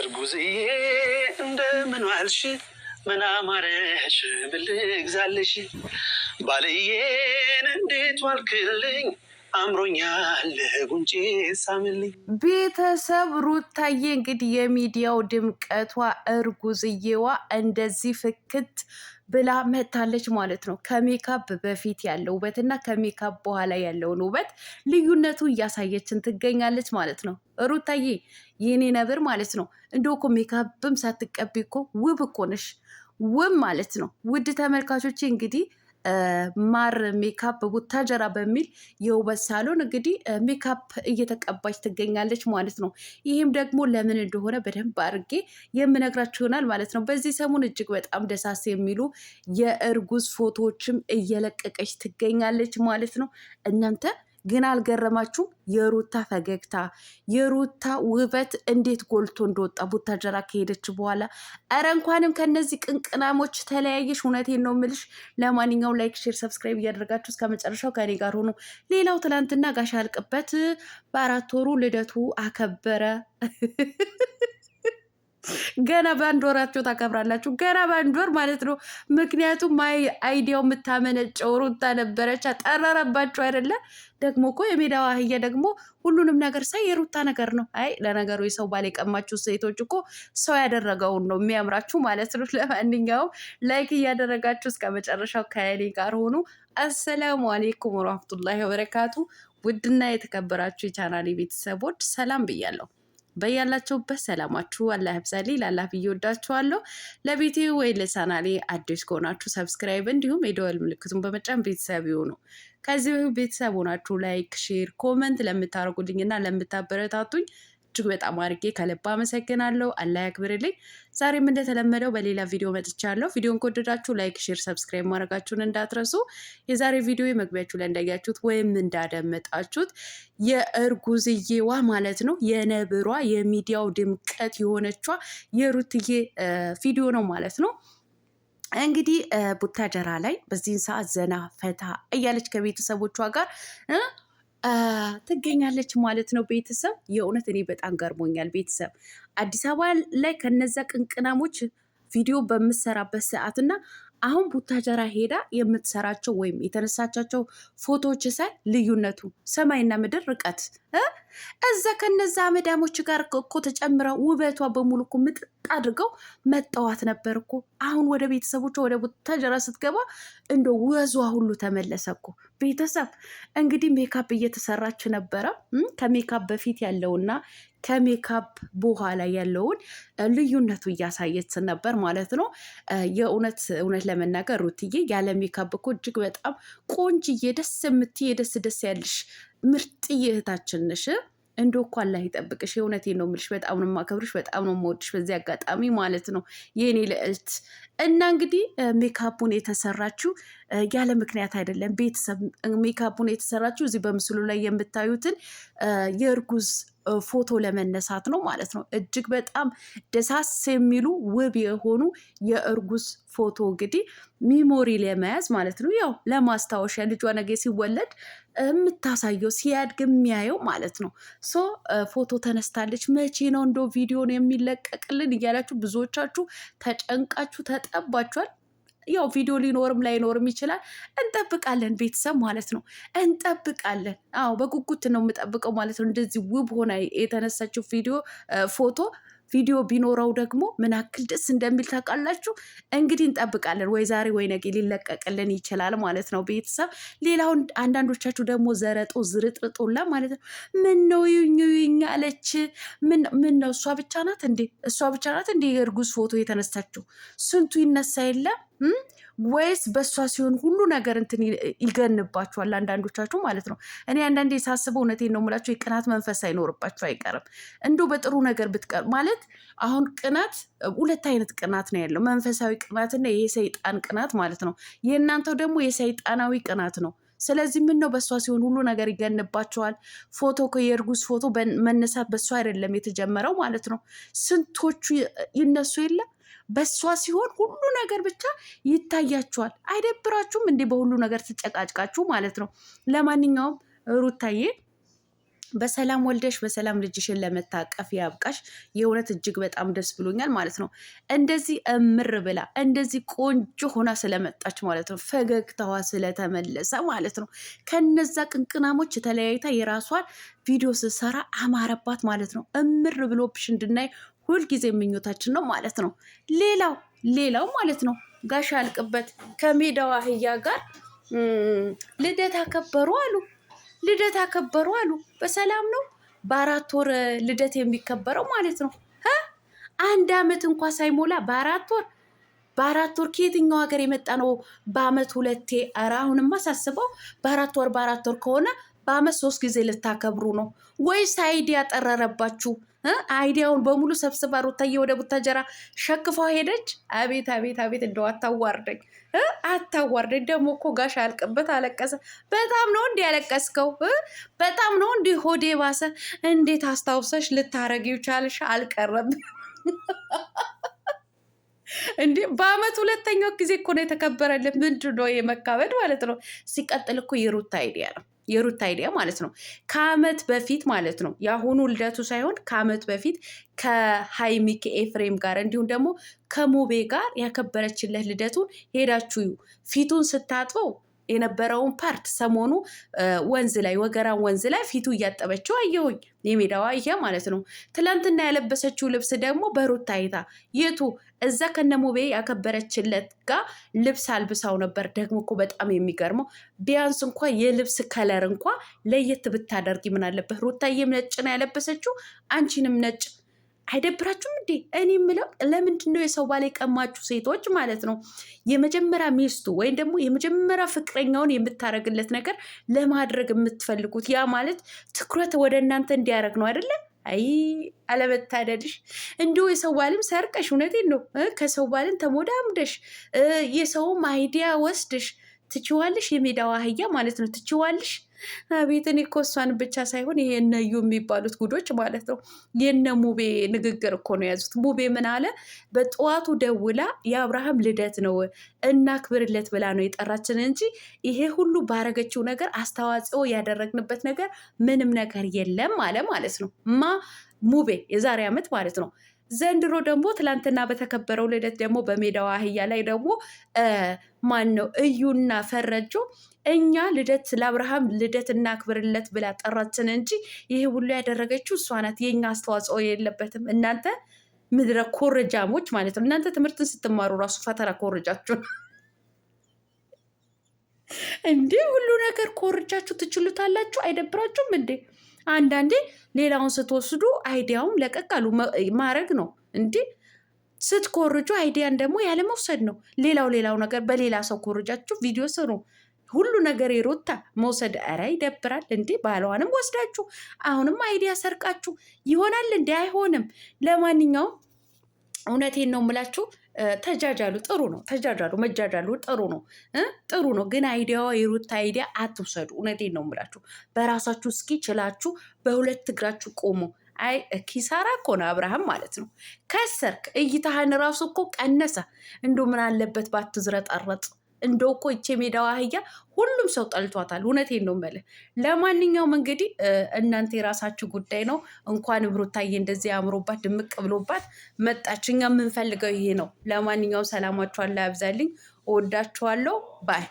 እርጉዝዬ እንደምን ዋልሽ? ምን አማረሽ? ብል ግዛልሽ ባልዬን እንዴት ዋልክልኝ? አምሮኛል ጉንጭ ሳምልኝ። ቤተሰብ ሩታዬ እንግዲህ የሚዲያው ድምቀቷ እርጉዝዬዋ እንደዚህ ፍክት ብላ መታለች ማለት ነው። ከሜካፕ በፊት ያለው ውበት እና ከሜካፕ በኋላ ያለውን ውበት ልዩነቱ እያሳየችን ትገኛለች ማለት ነው። ሩታዬ የኔ ነብር ማለት ነው። እንደኮ እኮ ሜካፕም ሳትቀቢ እኮ ውብ እኮ ነሽ፣ ውብ ማለት ነው። ውድ ተመልካቾቼ እንግዲህ ማር ሜካፕ ቡታጀራ በሚል የውበት ሳሎን እንግዲህ ሜካፕ እየተቀባች ትገኛለች ማለት ነው። ይህም ደግሞ ለምን እንደሆነ በደንብ አድርጌ የምነግራችሁ ይሆናል ማለት ነው። በዚህ ሰሞን እጅግ በጣም ደሳስ የሚሉ የእርጉዝ ፎቶዎችም እየለቀቀች ትገኛለች ማለት ነው። እናንተ ግን አልገረማችሁም? የሩታ ፈገግታ የሩታ ውበት እንዴት ጎልቶ እንደወጣ ቡታጀራ ከሄደች በኋላ። እረ እንኳንም ከነዚህ ቅንቅናሞች ተለያየሽ። እውነቴን ነው ምልሽ። ለማንኛውም ላይክ፣ ሼር፣ ሰብስክራይብ እያደረጋችሁ እስከ መጨረሻው ከኔ ጋር ሆኖ ሌላው ትላንትና ጋሻ አልቅበት በአራት ወሩ ልደቱ አከበረ። ገና በአንድ ወራቸው ታከብራላችሁ። ገና በአንድ ወር ማለት ነው። ምክንያቱም ማይ አይዲያው የምታመነጨው ሩታ ነበረች። ጠረረባችሁ አይደለ? ደግሞ እኮ የሜዳዋ አህያ ደግሞ ሁሉንም ነገር ሳይ የሩታ ነገር ነው። አይ ለነገሩ የሰው ባል የቀማችሁ ሴቶች እኮ ሰው ያደረገውን ነው የሚያምራችሁ ማለት ነው። ለማንኛውም ላይክ እያደረጋችሁ እስከ መጨረሻው ከእኔ ጋር ሆኑ። አሰላሙ አሌይኩም ወረህመቱላሂ ወበረካቱ። ውድና የተከበራችሁ የቻናሌ ቤተሰቦች ሰላም ብያለሁ። በያላችሁበት ሰላማችሁ አላህ ያብዛልኝ። ላላህ ብዬ ወዳችኋለሁ። ለቤቴ ወይ ለቻናሌ አዲስ ከሆናችሁ ሰብስክራይብ፣ እንዲሁም የደወል ምልክቱን በመጫን ቤተሰብ ይሁኑ። ከዚህ ቤተሰብ ሆናችሁ ላይክ፣ ሼር፣ ኮመንት ለምታደርጉልኝ እና ለምታበረታቱኝ እጅግ በጣም አድርጌ ከልብ አመሰግናለሁ። አላህ ያክብርልኝ። ዛሬም እንደተለመደው በሌላ ቪዲዮ መጥቻለሁ። ቪዲዮን ከወደዳችሁ ላይክ፣ ሼር፣ ሰብስክራይብ ማድረጋችሁን እንዳትረሱ። የዛሬ ቪዲዮ መግቢያችሁ ላይ እንዳያችሁት ወይም እንዳደመጣችሁት የእርጉዝዬዋ ማለት ነው የነብሯ የሚዲያው ድምቀት የሆነቿ የሩትዬ ቪዲዮ ነው ማለት ነው። እንግዲህ ቡታጀራ ላይ በዚህን ሰዓት ዘና ፈታ እያለች ከቤተሰቦቿ ጋር ትገኛለች ማለት ነው። ቤተሰብ የእውነት እኔ በጣም ገርሞኛል። ቤተሰብ አዲስ አበባ ላይ ከነዛ ቅንቅናሞች ቪዲዮ በምሰራበት ሰዓት እና አሁን ቡታጀራ ሄዳ የምትሰራቸው ወይም የተነሳቻቸው ፎቶዎች ሳይ ልዩነቱ ሰማይና ምድር ርቀት እዛ ከነዛ መዳሞች ጋር እኮ ተጨምረው ውበቷ በሙሉ እኮ ምጥጥ አድርገው መጠዋት ነበር እኮ። አሁን ወደ ቤተሰቦቿ ወደ ቡታጀራ ስትገባ እንደ ወዟ ሁሉ ተመለሰ እኮ። ቤተሰብ እንግዲህ ሜካፕ እየተሰራች ነበረ። ከሜካፕ በፊት ያለውና ከሜካፕ በኋላ ያለውን ልዩነቱ እያሳየት ነበር ማለት ነው። የእውነት እውነት ለመናገር ሩትዬ ያለ ሜካፕ እኮ እጅግ በጣም ቆንጅዬ ደስ የምትይ የደስ ደስ ያልሽ ምርጥዬ እህታችን ነሽ። እንደ እኮ አላህ ይጠብቅሽ። የእውነቴን ነው የምልሽ። በጣም ነው የማከብርሽ፣ በጣም ነው የምወድሽ። በዚህ አጋጣሚ ማለት ነው የእኔ ልዕልት እና እንግዲህ ሜካፑን የተሰራችው ያለ ምክንያት አይደለም ቤተሰብ። ሜካፑን የተሰራችው እዚህ በምስሉ ላይ የምታዩትን የእርጉዝ ፎቶ ለመነሳት ነው ማለት ነው። እጅግ በጣም ደሳስ የሚሉ ውብ የሆኑ የእርጉዝ ፎቶ እንግዲህ ሚሞሪ ለመያዝ ማለት ነው። ያው ለማስታወሻ ልጇ ነገ ሲወለድ የምታሳየው ሲያድግ የሚያየው ማለት ነው። ሶ ፎቶ ተነስታለች። መቼ ነው እንደ ቪዲዮ የሚለቀቅልን እያላችሁ ብዙዎቻችሁ ተጨንቃችሁ ተጠባችኋል። ያው ቪዲዮ ሊኖርም ላይኖርም ይችላል። እንጠብቃለን ቤተሰብ ማለት ነው እንጠብቃለን። አዎ በጉጉት ነው የምጠብቀው ማለት ነው። እንደዚህ ውብ ሆና የተነሳችው ቪዲዮ ፎቶ ቪዲዮ ቢኖረው ደግሞ ምን አክል ደስ እንደሚል ታውቃላችሁ። እንግዲህ እንጠብቃለን። ወይ ዛሬ ወይ ነገ ሊለቀቅልን ይችላል ማለት ነው ቤተሰብ። ሌላውን አንዳንዶቻችሁ ደግሞ ዘረጦ ዝርጥርጦላ ማለት ነው። ምን ነው ዩኝ አለች። ምን ነው እሷ ብቻ ናት እንዴ? እሷ ብቻ ናት እንዴ እርጉዝ ፎቶ የተነሳችው? ስንቱ ይነሳ የለም ወይስ በእሷ ሲሆን ሁሉ ነገር እንትን ይገንባችኋል፣ አንዳንዶቻችሁ ማለት ነው። እኔ አንዳንዴ የሳስበው እውነቴን ነው የምላቸው የቅናት መንፈስ አይኖርባቸው አይቀርም። እንዲሁ በጥሩ ነገር ብትቀር ማለት አሁን ቅናት ሁለት አይነት ቅናት ነው ያለው፣ መንፈሳዊ ቅናትና የሰይጣን ቅናት ማለት ነው። የእናንተው ደግሞ የሰይጣናዊ ቅናት ነው። ስለዚህ ምን ነው በእሷ ሲሆን ሁሉ ነገር ይገንባቸዋል። ፎቶ የእርጉዝ ፎቶ መነሳት በእሷ አይደለም የተጀመረው ማለት ነው። ስንቶቹ ይነሱ የለም በእሷ ሲሆን ሁሉ ነገር ብቻ ይታያችኋል። አይደብራችሁም እንዴ? በሁሉ ነገር ትጨቃጭቃችሁ ማለት ነው። ለማንኛውም ሩታዬ በሰላም ወልደሽ በሰላም ልጅሽን ለመታቀፍ ያብቃሽ። የእውነት እጅግ በጣም ደስ ብሎኛል ማለት ነው። እንደዚህ እምር ብላ እንደዚህ ቆንጆ ሆና ስለመጣች ማለት ነው። ፈገግታዋ ስለተመለሰ ማለት ነው። ከነዛ ቅንቅናሞች ተለያይታ የራሷን ቪዲዮ ስትሰራ አማረባት ማለት ነው። እምር ብሎብሽ እንድናይ ሁልጊዜ ምኞታችን ነው ማለት ነው። ሌላው ሌላው ማለት ነው ጋሻ አልቅበት ከሜዳዋ አህያ ጋር ልደት አከበሩ አሉ። ልደት አከበሩ አሉ። በሰላም ነው በአራት ወር ልደት የሚከበረው ማለት ነው። አንድ አመት እንኳ ሳይሞላ በአራት ወር በአራት ወር ከየትኛው ሀገር የመጣ ነው? በአመት ሁለቴ። ኧረ አሁንማ ሳስበው በአራት ወር በአራት ወር ከሆነ በአመት ሶስት ጊዜ ልታከብሩ ነው ወይስ አይዲ ያጠረረባችሁ? አይዲያውን በሙሉ ሰብስባ ሩታዬ ወደ ቡታጀራ ሸክፋ ሄደች። አቤት አቤት አቤት፣ እንደው አታዋርደኝ፣ አታዋርደኝ። ደግሞ እኮ ጋሽ አልቅበት አለቀሰ። በጣም ነው እንዲ ያለቀስከው፣ በጣም ነው እንዲ ሆዴ ባሰ። እንዴት አስታውሰሽ ልታረግ ይቻልሽ? አልቀረም እንዴ በአመት ሁለተኛው ጊዜ እኮ ነው የተከበረልን። ምንድን ነው የመካበድ ማለት ነው? ሲቀጥል እኮ የሩታ አይዲያ ነው። የሩታ አይዲያ ማለት ነው። ከአመት በፊት ማለት ነው። የአሁኑ ልደቱ ሳይሆን ከአመት በፊት ከሀይሚ ከኤፍሬም ጋር እንዲሁም ደግሞ ከሙቤ ጋር ያከበረችለት ልደቱን ሄዳችሁ ፊቱን ስታጥበው የነበረውን ፓርት ሰሞኑ ወንዝ ላይ ወገራን ወንዝ ላይ ፊቱ እያጠበችው አየሁኝ። የሜዳዋ ይሄ ማለት ነው። ትላንትና ያለበሰችው ልብስ ደግሞ በሩታ አይታ የቱ እዛ ከነሞቤ ያከበረችለት ጋር ልብስ አልብሳው ነበር። ደግሞ እኮ በጣም የሚገርመው ቢያንስ እንኳ የልብስ ከለር እንኳ ለየት ብታደርጊ ምን አለበት? ሩታዬም ነጭ ነው ያለበሰችው፣ አንቺንም ነጭ አይደብራችሁም እንዴ? እኔ የምለው ለምንድን ነው የሰው ባል የቀማችሁ ሴቶች ማለት ነው? የመጀመሪያ ሚስቱ ወይም ደግሞ የመጀመሪያ ፍቅረኛውን የምታደርግለት ነገር ለማድረግ የምትፈልጉት ያ ማለት ትኩረት ወደ እናንተ እንዲያደርግ ነው አይደለም? አይ አለመታደድሽ እንዲሁ የሰው ባልም ሰርቀሽ፣ እውነቴን ነው ከሰው ባልም ተሞዳምደሽ የሰውም አይዲያ ወስድሽ ትችዋለሽ? የሜዳዋ አህያ ማለት ነው ትችዋለሽ? አቤት እኔ እኮ እሷን ብቻ ሳይሆን ይሄ የሚባሉት ጉዶች ማለት ነው የነ ሙቤ ንግግር እኮ ነው የያዙት። ሙቤ ምን አለ? በጠዋቱ ደውላ የአብርሃም ልደት ነው እናክብርለት ብላ ነው የጠራችን እንጂ ይሄ ሁሉ ባረገችው ነገር አስተዋጽኦ ያደረግንበት ነገር ምንም ነገር የለም አለ ማለት ነው። ማ ሙቤ የዛሬ ዓመት ማለት ነው ዘንድሮ ደግሞ ትላንትና በተከበረው ልደት ደግሞ በሜዳዋ አህያ ላይ ደግሞ ማን ነው እዩና ፈረጆ እኛ ልደት ለአብርሃም ልደት እናክብርለት ብላ ጠራችን እንጂ ይህ ሁሉ ያደረገችው እሷ ናት። የኛ አስተዋጽኦ የለበትም። እናንተ ምድረ ኮረጃሞች ማለት ነው። እናንተ ትምህርትን ስትማሩ ራሱ ፈተና ኮረጃችሁ እንዴ? ሁሉ ነገር ኮረጃችሁ ትችሉታላችሁ። አይደብራችሁም እንዴ? አንዳንዴ ሌላውን ስትወስዱ አይዲያውም ለቀቃሉ ማድረግ ነው እንዲ ስትኮርጁ አይዲያን ደግሞ ያለመውሰድ ነው። ሌላው ሌላው ነገር በሌላ ሰው ኮርጃችሁ ቪዲዮ ስሩ። ሁሉ ነገር የሮታ መውሰድ ኧረ ይደብራል እንዴ! ባለዋንም ወስዳችሁ አሁንም አይዲያ ሰርቃችሁ ይሆናል እንዴ? አይሆንም። ለማንኛውም እውነቴን ነው የምላችሁ። ተጃጃሉ፣ ጥሩ ነው። ተጃጃሉ፣ መጃጃሉ ጥሩ ነው፣ ጥሩ ነው። ግን አይዲያዋ የሩታ አይዲያ አትውሰዱ። እውነቴን ነው የምላችሁ። በራሳችሁ እስኪ ችላችሁ በሁለት እግራችሁ ቆሙ። አይ ኪሳራ እኮ ነው አብርሃም ማለት ነው። ከሰርክ እይታህን ራሱ እኮ ቀነሰ። እንዶ ምን አለበት ባትዝረጠረጥ እንደው እኮ ይቼ አህያ ሁሉም ሰው ጠልቷታል። እውነቴን ነው የምልህ። ለማንኛውም እንግዲህ እናንተ የራሳችሁ ጉዳይ ነው። እንኳን ብሩታዬ እንደዚህ አምሮባት ድምቅ ብሎባት መጣች። እኛ የምንፈልገው ይሄ ነው። ለማንኛውም ሰላማችኋን ላይ ያብዛልኝ። እወዳችኋለሁ ባይ